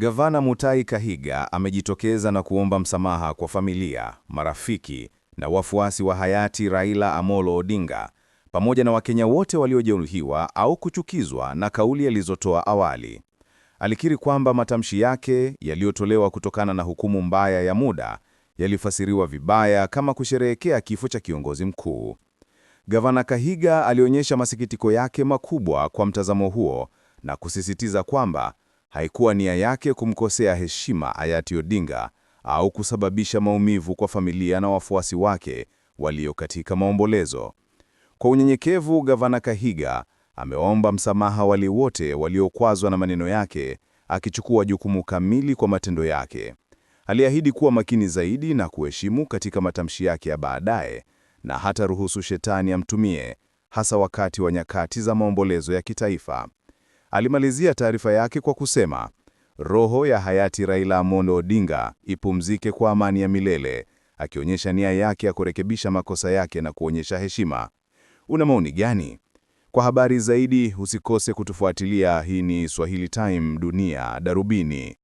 Gavana Mutahi Kahiga amejitokeza na kuomba msamaha kwa familia, marafiki na wafuasi wa hayati Raila Amolo Odinga pamoja na Wakenya wote waliojeruhiwa au kuchukizwa na kauli alizotoa awali. Alikiri kwamba matamshi yake yaliyotolewa kutokana na hukumu mbaya ya muda yalifasiriwa vibaya kama kusherehekea kifo cha kiongozi mkuu. Gavana Kahiga alionyesha masikitiko yake makubwa kwa mtazamo huo na kusisitiza kwamba haikuwa nia yake kumkosea heshima hayati Odinga au kusababisha maumivu kwa familia na wafuasi wake walio katika maombolezo. Kwa unyenyekevu, Gavana Kahiga ameomba msamaha wale wote waliokwazwa na maneno yake, akichukua jukumu kamili kwa matendo yake. Aliahidi kuwa makini zaidi na kuheshimu katika matamshi yake ya baadaye, na hata ruhusu shetani amtumie, hasa wakati wa nyakati za maombolezo ya kitaifa. Alimalizia taarifa yake kwa kusema, roho ya hayati Raila Amolo Odinga ipumzike kwa amani ya milele, akionyesha nia yake ya kurekebisha makosa yake na kuonyesha heshima. Una maoni gani? Kwa habari zaidi usikose kutufuatilia. Hii ni Swahili Time Dunia Darubini.